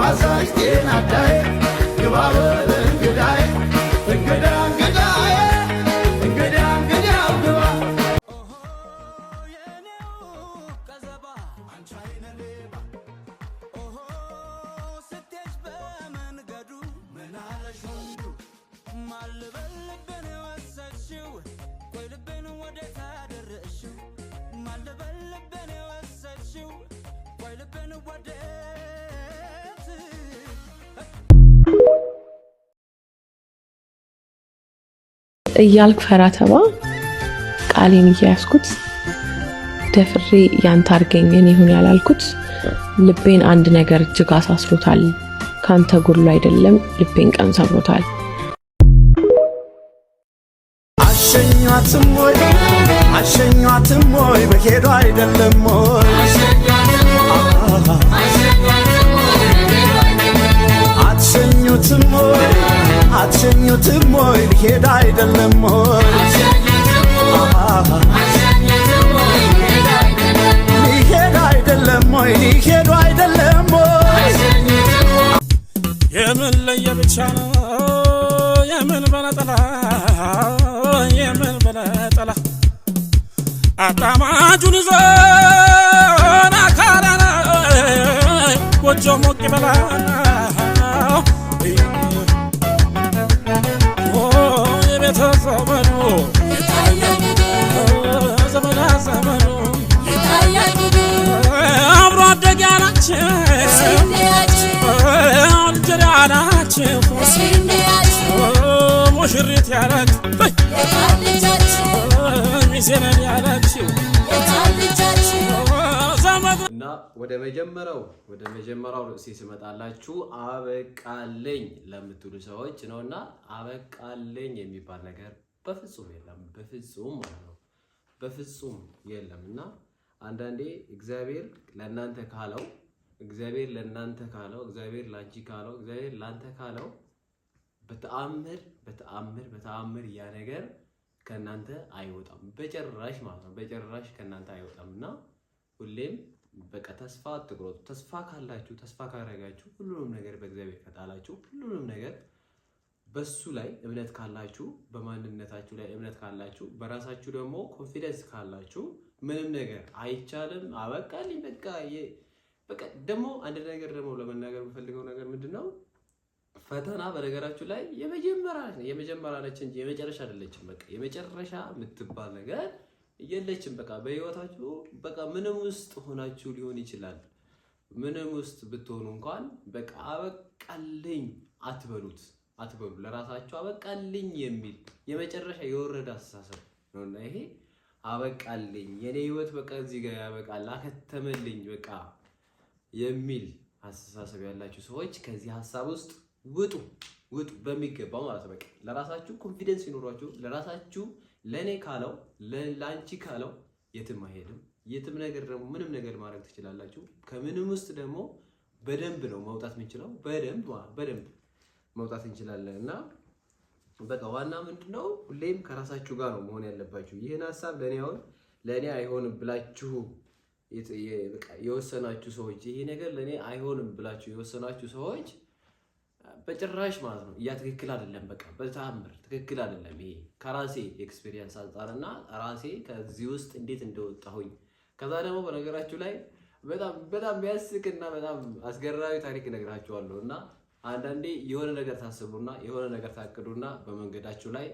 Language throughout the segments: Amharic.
ማሳጅ ጤና አዳዬ ግባ እያልክ ፈራተባ ቃሌን እያያዝኩት ደፍሬ ያንተ አርገኝ እኔ ይሁን ያላልኩት ልቤን አንድ ነገር እጅግ አሳስሮታል። ከአንተ ጉሉ አይደለም ልቤን ቀን ሰብሮታል። አሸኛትም ወይ ወይ በሄዱ አይደለም ወይ አትሸኙትም ወይ አትሸኙትም ልሄድ አይደለም ሆይ ሊሄድ አይደለም ሆይ ሊሄዱ አይደለም ሆይ የምን ለየብቻ ነው የምን በነጠላ የምን በነጠላ አጣማጁን ይዞን አካላና ጎጆ ሞቅ ይበላና ዘመኑ ዘመና ዘመኑ አብሮ አደግ ያላችሁ እንጀራ ያላችሁ ሙሽሪት ያላችሁ ሚዜነን ያላችሁ እና ወደ መጀመሪያው ወደ መጀመሪያው ርዕሴ ስመጣላችሁ አበቃለኝ ለምትሉ ሰዎች ነው። እና አበቃለኝ የሚባል ነገር በፍጹም የለም፣ በፍጹም ማለት ነው፣ በፍጹም የለም። እና አንዳንዴ እግዚአብሔር ለእናንተ ካለው እግዚአብሔር ለእናንተ ካለው እግዚአብሔር ለአንቺ ካለው እግዚአብሔር ለአንተ ካለው በተአምር በተአምር በተአምር ያ ነገር ከእናንተ አይወጣም፣ በጭራሽ ማለት ነው፣ በጭራሽ ከእናንተ አይወጣም እና ሁሌም በቃ ተስፋ አትቁረጡ። ተስፋ ካላችሁ ተስፋ ካረጋችሁ ሁሉንም ነገር በእግዚአብሔር ከጣላችሁ ሁሉንም ነገር በሱ ላይ እምነት ካላችሁ፣ በማንነታችሁ ላይ እምነት ካላችሁ፣ በራሳችሁ ደግሞ ኮንፊደንስ ካላችሁ ምንም ነገር አይቻልም አበቃልኝ በቃ በቃ ደግሞ አንድ ነገር ደግሞ ለመናገር የምፈልገው ነገር ምንድን ነው? ፈተና በነገራችሁ ላይ የመጀመሪያ ነች እንጂ የመጨረሻ አይደለችም። በቃ የመጨረሻ የምትባል ነገር የለችም። በቃ በህይወታችሁ በቃ ምንም ውስጥ ሆናችሁ ሊሆን ይችላል። ምንም ውስጥ ብትሆኑ እንኳን በቃ አበቃልኝ አትበሉት አትበሉ። ለራሳችሁ አበቃልኝ የሚል የመጨረሻ የወረደ አስተሳሰብ ነውና ይሄ አበቃልኝ፣ የኔ ህይወት በቃ እዚህ ጋር ያበቃል፣ አከተመልኝ በቃ የሚል አስተሳሰብ ያላችሁ ሰዎች ከዚህ ሀሳብ ውስጥ ውጡ ውጡ፣ በሚገባ ማለት በቃ ለራሳችሁ ኮንፊደንስ ይኖሯችሁ ለራሳችሁ ለእኔ ካለው ለአንቺ ካለው የትም አይሄድም። የትም ነገር ደግሞ ምንም ነገር ማድረግ ትችላላችሁ። ከምንም ውስጥ ደግሞ በደንብ ነው መውጣት የምንችለው። በደንብ በደንብ መውጣት እንችላለን እና በቃ ዋና ምንድነው ሁሌም ከራሳችሁ ጋር ነው መሆን ያለባችሁ። ይህን ሀሳብ ለእኔ አሁን ለእኔ አይሆንም ብላችሁ የወሰናችሁ ሰዎች ይሄ ነገር ለእኔ አይሆንም ብላችሁ የወሰናችሁ ሰዎች በጭራሽ ማለት ነው። ያ ትክክል አይደለም። በቃ በተአምር ትክክል አይደለም። ይሄ ከራሴ ኤክስፒሪየንስ አንጻርና ራሴ ከዚህ ውስጥ እንዴት እንደወጣሁኝ ከዛ ደግሞ በነገራችሁ ላይ በጣም በጣም የሚያስቅና በጣም አስገራዊ ታሪክ እነግራችኋለሁ። እና አንዳንዴ የሆነ ነገር ታስቡና የሆነ ነገር ታቅዱና በመንገዳችሁ ላይ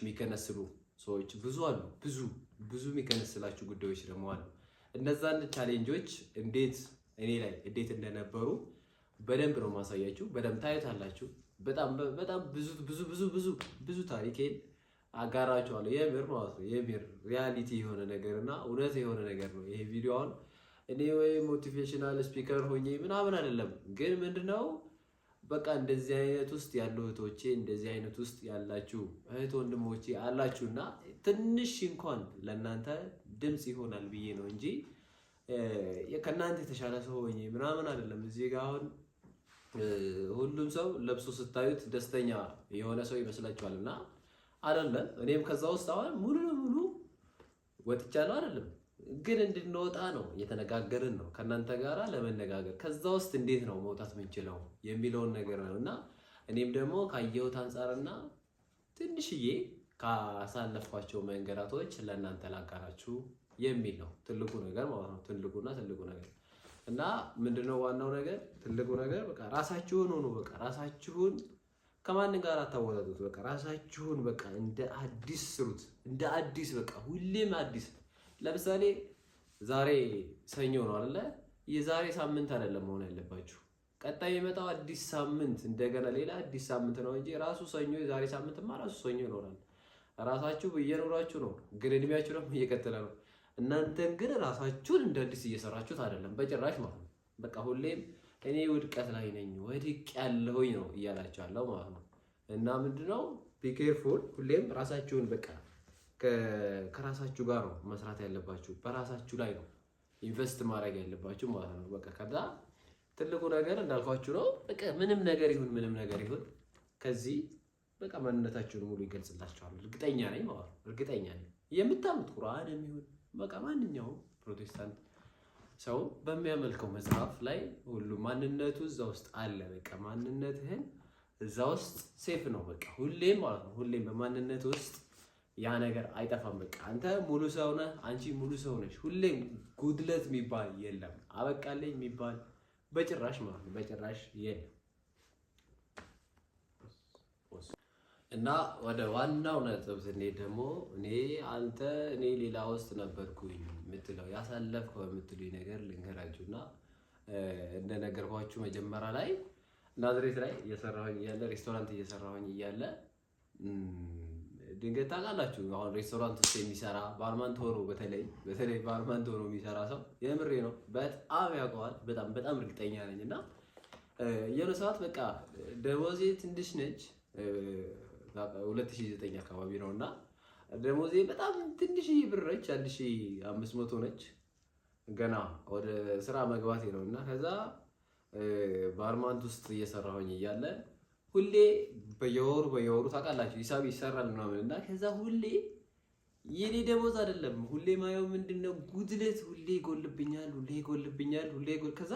የሚከነስሉ ሰዎች ብዙ አሉ። ብዙ ብዙ የሚከነስላችሁ ጉዳዮች ደግሞ አሉ። እነዛን ቻሌንጆች እንዴት እኔ ላይ እንዴት እንደነበሩ በደንብ ነው ማሳያችሁ። በደንብ ታዩታላችሁ። በጣም በጣም ብዙ ብዙ ብዙ ብዙ ብዙ ታሪኬን አጋራችኋለሁ። የምር ማለት ነው የምር ሪያሊቲ የሆነ ነገር እና እውነት የሆነ ነገር ነው ይሄ ቪዲዮ። አሁን እኔ ወይ ሞቲቬሽናል ስፒከር ሆኜ ምናምን አይደለም፣ ግን ምንድነው በቃ እንደዚህ አይነት ውስጥ ያሉ እህቶቼ እንደዚህ አይነት ውስጥ ያላችሁ እህት ወንድሞቼ አላችሁ እና ትንሽ እንኳን ለእናንተ ድምፅ ይሆናል ብዬ ነው እንጂ ከእናንተ የተሻለ ሰው ሆኜ ምናምን አይደለም እዚህ ጋር አሁን ሁሉም ሰው ለብሶ ስታዩት ደስተኛ የሆነ ሰው ይመስላችኋል እና አይደለም። እኔም ከዛ ውስጥ አሁን ሙሉ ለሙሉ ወጥቻለሁ አደለም። ግን እንድንወጣ ነው እየተነጋገርን ነው ከእናንተ ጋራ ለመነጋገር ከዛ ውስጥ እንዴት ነው መውጣት የምንችለው የሚለውን ነገር ነው እና እኔም ደግሞ ካየሁት አንጻርና ትንሽዬ ካሳለፍኳቸው መንገዳቶች ለእናንተ ላጋራችሁ የሚል ነው ትልቁ ነገር ማለት ነው። ትልቁና ትልቁ ነገር እና ምንድነው ዋናው ነገር ትልቁ ነገር በቃ ራሳችሁን ሆኖ በቃ ራሳችሁን ከማን ጋር አታወዳዱት። በቃ ራሳችሁን በቃ እንደ አዲስ ስሩት፣ እንደ አዲስ በቃ ሁሌም አዲስ። ለምሳሌ ዛሬ ሰኞ ነው አለ የዛሬ ሳምንት አይደለም መሆን ያለባችሁ። ቀጣይ የመጣው አዲስ ሳምንት እንደገና ሌላ አዲስ ሳምንት ነው እንጂ ራሱ ሰኞ የዛሬ ሳምንትማ ራሱ ሰኞ ይኖራል። ራሳችሁ እየኖራችሁ ነው፣ ግን እድሜያችሁ ደግሞ እየቀጠለ ነው። እናንተን ግን ራሳችሁን እንደ አዲስ እየሰራችሁት አይደለም፣ በጭራሽ ማለት ነው። በቃ ሁሌም እኔ ውድቀት ላይ ነኝ ወድቅ ያለሁኝ ነው እያላችሁ ያለው ማለት ነው። እና ምንድነው ቢኬርፉል ሁሌም ራሳችሁን በቃ ከራሳችሁ ጋር ነው መስራት ያለባችሁ፣ በራሳችሁ ላይ ነው ኢንቨስት ማድረግ ያለባችሁ ማለት ነው። በቃ ከዛ ትልቁ ነገር እንዳልኳችሁ ነው። በቃ ምንም ነገር ይሁን ምንም ነገር ይሁን ከዚህ በቃ ማንነታችሁን ሙሉ ይገልጽላችኋል። እርግጠኛ ነኝ ማለት ነው። እርግጠኛ ነኝ የምታምኑት ቁርአን የሚሆን በቃ ማንኛውም ፕሮቴስታንት ሰው በሚያመልከው መጽሐፍ ላይ ሁሉ ማንነቱ እዛ ውስጥ አለ። በቃ ማንነትህን እዛ ውስጥ ሴፍ ነው። በቃ ሁሌም ማለት ነው፣ ሁሌም በማንነት ውስጥ ያ ነገር አይጠፋም። በቃ አንተ ሙሉ ሰው ነህ፣ አንቺ ሙሉ ሰው ነች። ሁሌም ጉድለት የሚባል የለም፣ አበቃለኝ የሚባል በጭራሽ ማለት ነው፣ በጭራሽ የለም። እና ወደ ዋናው ነጥብ ስንሄድ ደግሞ እኔ አንተ እኔ ሌላ ውስጥ ነበርኩኝ የምትለው ያሳለፍከው የምትሉኝ ነገር ልንገራችሁ እና እንደነገርኳችሁ መጀመሪያ ላይ ናዝሬት ላይ እየሰራሁኝ እያለ ሬስቶራንት እየሰራሁኝ እያለ ድንገት ታውቃላችሁ፣ አሁን ሬስቶራንት ውስጥ የሚሰራ ባርማን ቶሮ በተለይ በተለይ ባርማን ቶሮ የሚሰራ ሰው የምሬ ነው በጣም ያውቀዋል። በጣም በጣም እርግጠኛ ነኝ። እና የሆነ ሰዓት በቃ ደሞዜ ትንሽ ነች 2009 አካባቢ ነው እና ደሞዜ በጣም ትንሽ ብር ነች፣ 1500 ነች። ገና ወደ ስራ መግባቴ ነው እና ከዛ በአርማንት ውስጥ እየሰራሁኝ እያለ ሁሌ በየወሩ በየወሩ ታውቃላችሁ ሂሳብ ይሰራል ምናምን እና ከዛ ሁሌ የኔ ደሞዝ አይደለም ሁሌ ማየው ምንድነው ጉድለት፣ ሁሌ ይጎልብኛል፣ ሁሌ ይጎልብኛል፣ ሁሌ ከዛ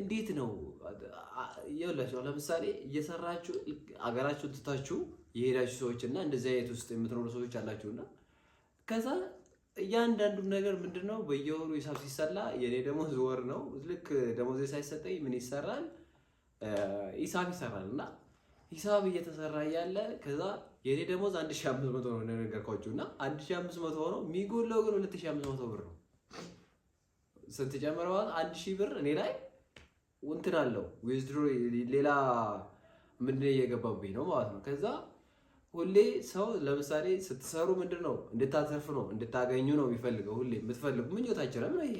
እንዴት ነው ይላችሁ። ለምሳሌ እየሰራችሁ አገራችሁን ትታችሁ የሄዳችሁ ሰዎች እና እንደዚህ አይነት ውስጥ የምትኖሩ ሰዎች አላችሁና ከዛ እያንዳንዱ ነገር ምንድነው በየወሩ ሂሳብ ሲሰላ የኔ ደሞዝ ወር ነው ልክ ደሞዝ ሳይሰጠኝ ምን ይሰራል ሂሳብ ይሰራል እና ሂሳብ እየተሰራ ያለ ከዛ የኔ ደሞዝ 1500 ነው እንደነገርኳችሁ እና 1500 ሆኖ የሚጎለው ግን 2500 ብር ነው። ስንት ጨምረዋል? 1000 ብር እኔ ላይ እንትን አለው ዊዝድሮ ሌላ ምንድን እየገባብኝ ነው ማለት ነው። ከዛ ሁሌ ሰው ለምሳሌ ስትሰሩ ምንድን ነው እንድታተርፍ ነው እንድታገኙ ነው የሚፈልገው። ሁሌ የምትፈልጉ ምኞታቸው ለምን ይሄ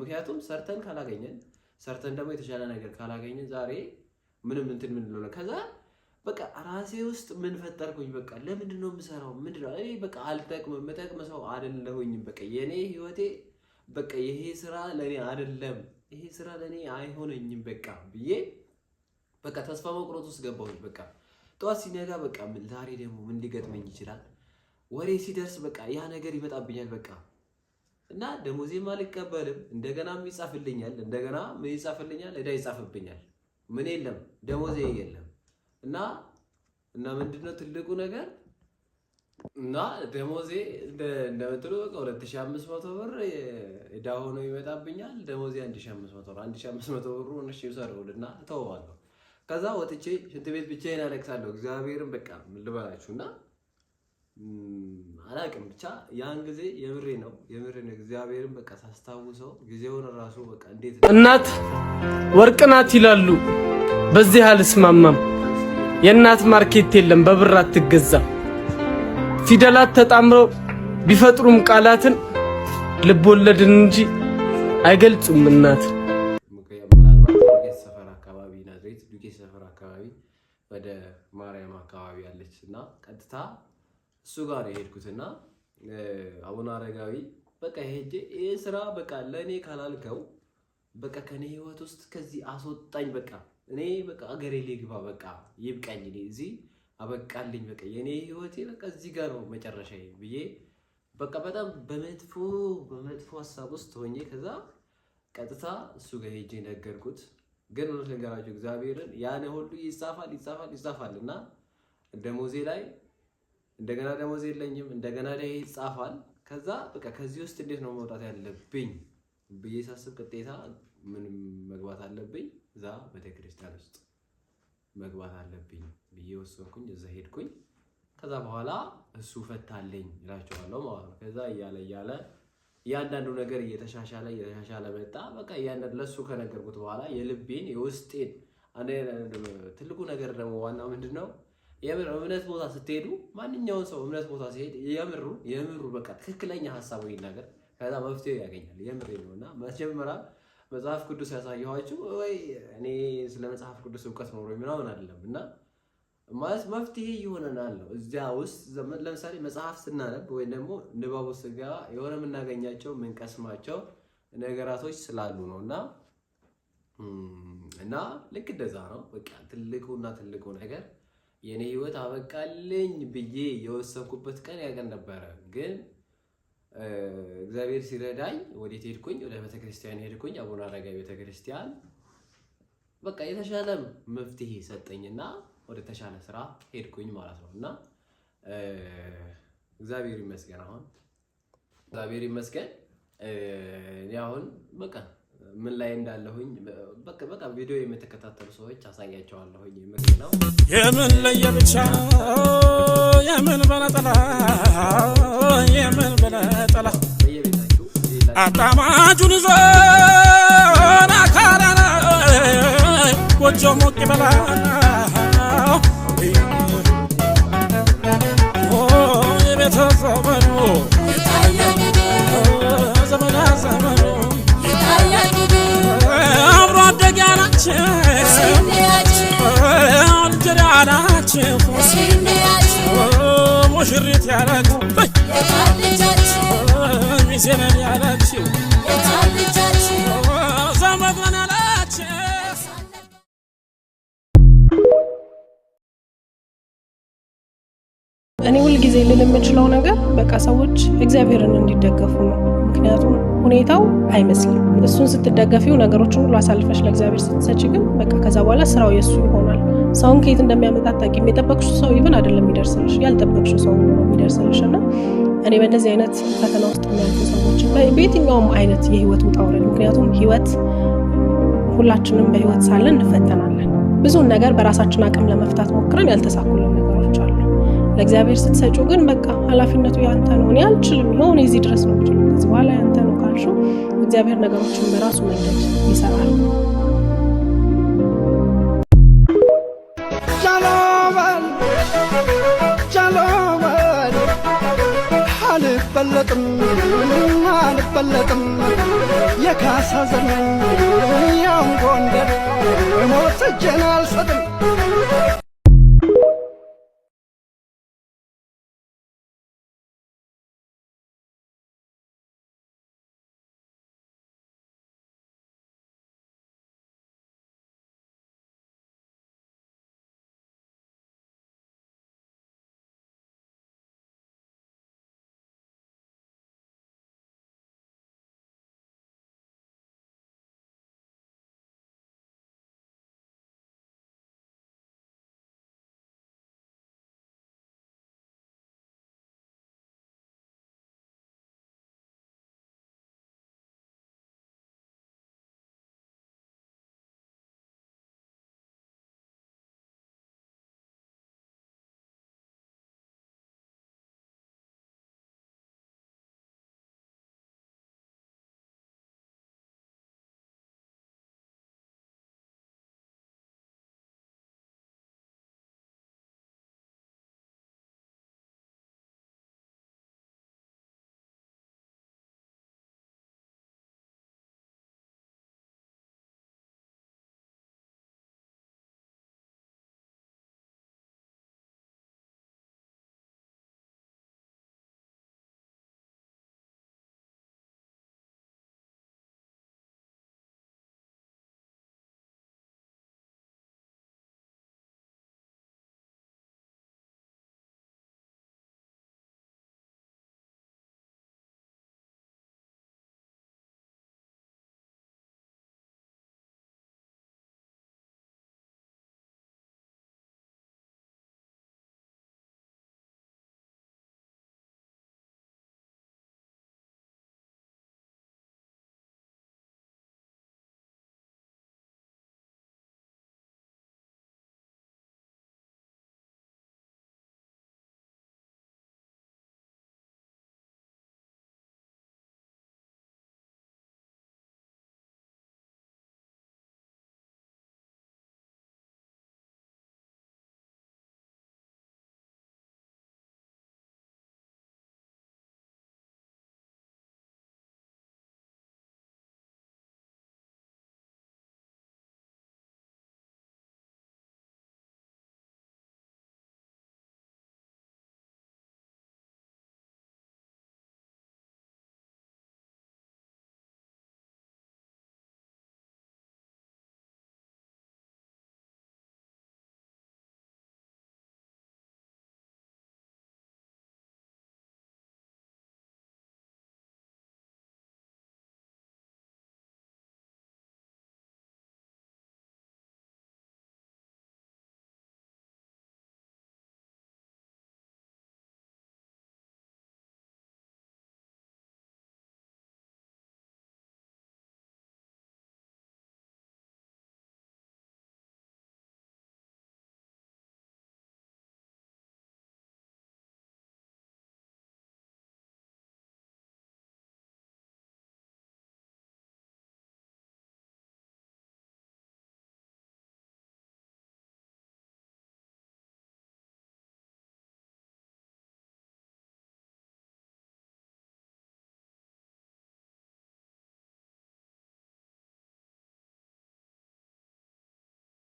ምክንያቱም ሰርተን ካላገኘን ሰርተን ደግሞ የተሻለ ነገር ካላገኘን ዛሬ ምንም እንትን ምን ነው። ከዛ በቃ ራሴ ውስጥ ምን ፈጠርኩኝ? በቃ ለምንድን ነው የምሰራው? ምንድን ነው እኔ በቃ አልጠቅምም፣ የምጠቅም ሰው አይደለሁኝም። በቃ የእኔ ህይወቴ በቃ ይሄ ስራ ለእኔ አይደለም ይሄ ስራ ለእኔ አይሆነኝም በቃ ብዬ በቃ ተስፋ መቁረጥ ውስጥ ገባሁኝ። በቃ ጠዋት ሲነጋ በቃ ዛሬ ደግሞ ምን ሊገጥመኝ ይችላል? ወሬ ሲደርስ በቃ ያ ነገር ይመጣብኛል በቃ እና ደሞዜም አልቀበልም። እንደገናም ይጻፍልኛል፣ እንደገና ምን ይጻፍልኛል? እዳ ይጻፍብኛል። ምን የለም ደሞዜ የለም እና እና ምንድነው ትልቁ ነገር እና ደሞዜ እንደምትሉ በቃ ሁለት ሺህ አምስት መቶ ብር ዕዳ ሆኖ ይመጣብኛል። ደሞዜ አንድ ሺህ አምስት መቶ ነው። አንድ ሺህ አምስት መቶ ብሩ እሺ ይውሰደውልና እተወዋለሁ። ከዛ ወጥቼ ሽንት ቤት ብቻዬን አለቅሳለሁ። እግዚአብሔርን በቃ ልበላችሁ እና አላቅም ብቻ ያን ጊዜ የምሬ ነው የምሬ ነው። እግዚአብሔርን በቃ ሳስታውሰው ጊዜውን ራሱ በቃ እንዴት እናት ወርቅ ናት ይላሉ። በዚህ አልስማማም። የእናት ማርኬት የለም፣ በብር አትገዛም። ፊደላት ተጣምረው ቢፈጥሩም ቃላትን ልብ ወለድን እንጂ አይገልጹም እናት ሰፈር አካባቢ ወደ ማርያም አካባቢ ያለች እና ቀጥታ እሱ ጋር የሄድኩትና አቡነ አረጋዊ በቃ ሄጄ ይህ ስራ በቃ ለእኔ ካላልከው በቃ ከኔ ህይወት ውስጥ ከዚህ አስወጣኝ፣ በቃ እኔ በቃ አገሬ ልግባ፣ በቃ ይብቃኝ እዚህ አበቃልኝ በቃ የኔ ህይወቴ በቃ እዚህ ጋር ነው መጨረሻ ብዬ በቃ በጣም በመጥፎ በመጥፎ ሀሳብ ውስጥ ሆኜ ከዛ ቀጥታ እሱ ጋር ሄጄ ነገርኩት። ግን እውነት ነገራቸው እግዚአብሔርን ያን ሁሉ ይጻፋል ይጻፋል ይጻፋል እና ደሞዜ ላይ እንደገና ደሞዜ የለኝም እንደገና ላይ ይጻፋል። ከዛ በቃ ከዚህ ውስጥ እንዴት ነው መውጣት ያለብኝ ብዬ ሳስብ ቅጤታ ምን መግባት አለብኝ እዛ ቤተክርስቲያን ውስጥ መግባት አለብኝ ብዬ ወሰንኩኝ። እዛ ሄድኩኝ። ከዛ በኋላ እሱ ፈታለኝ እላቸዋለሁ ማለት ነው። ከዛ እያለ እያለ እያንዳንዱ ነገር እየተሻሻለ እየተሻሻለ መጣ። በቃ እያንዳንዱ ለእሱ ከነገርኩት በኋላ የልቤን የውስጤን ትልቁ ነገር ደግሞ ዋና ምንድን ነው የምር እምነት ቦታ ስትሄዱ ማንኛውን ሰው እምነት ቦታ ሲሄድ የምሩ የምሩ በቃ ትክክለኛ ሀሳቡ ይናገር፣ ከዛ መፍትሄ ያገኛል። የምር ነው እና መጀመሪያ መጽሐፍ ቅዱስ ያሳየኋችሁ ወይ እኔ ስለ መጽሐፍ ቅዱስ እውቀት ኖሮ ምናምን አይደለም። እና ማለት መፍትሄ ይሆነናል ነው። እዚያ ውስጥ ለምሳሌ መጽሐፍ ስናነብ ወይም ደግሞ ንባቡ ስጋ የሆነ የምናገኛቸው የምንቀስማቸው ነገራቶች ስላሉ ነው እና እና ልክ እንደዛ ነው። በቃ እና ትልቁ ነገር የእኔ ህይወት አበቃልኝ ብዬ የወሰንኩበት ቀን ያቀን ነበረ ግን እግዚአብሔር ሲረዳኝ ወዴት ሄድኩኝ? ወደ ቤተክርስቲያን ሄድኩኝ። አቡነ አረጋዊ ቤተክርስቲያን በቃ የተሻለ መፍትሄ ሰጠኝና ወደ ተሻለ ስራ ሄድኩኝ ማለት ነው። እና እግዚአብሔር ይመስገን አሁን እግዚአብሔር ይመስገን አሁን በቃ ምን ላይ እንዳለሁኝ በቃ በቃ ቪዲዮ የምትከታተሉ ሰዎች አሳያቸዋለሁኝ። ምክር የምን የምን ብቻ የምን በነጠላ የምን በነጠላ አጣማጁን ይዞ ናካራና ጎጆ ሞቅ ይበላል እኔ ሁልጊዜ ልል የምችለው ነገር በቃ ሰዎች እግዚአብሔርን እንዲደገፉ ነው። ምክንያቱም ሁኔታው አይመስልም። እሱን ስትደገፊው ነገሮችን ሁሉ አሳልፈሽ ለእግዚአብሔር ስትሰጪ ግን በቃ ከዛ በኋላ ስራው የእሱ ይሆናል። ሰውን ከየት እንደሚያመጣ አታውቂም። የጠበቅሽው ሰው ይብን አይደለም የሚደርስልሽ፣ ያልጠበቅሽው ሰው ነው የሚደርስልሽ። እና እኔ በእንደዚህ አይነት ፈተና ውስጥ የሚያልፉ ሰዎች በየትኛውም አይነት የህይወት ውጣ ውረድ፣ ምክንያቱም ህይወት ሁላችንም በህይወት ሳለን እንፈተናለን። ብዙውን ነገር በራሳችን አቅም ለመፍታት ሞክረን ያልተሳኩልን ነገር ለእግዚአብሔር ስትሰጩ ግን በቃ ኃላፊነቱ ያንተ ነው። እኔ አልችልም፣ የሆነ የዚህ ድረስ ነው ብቻ ከዚህ በኋላ ያንተ ነው ካልሽው እግዚአብሔር ነገሮችን በራሱ መንገድ ይሰራል። አልበለጥም አልበለጥም የካሳ ዘመን ያም ጎንደር ሞት እጄን አልሰጥም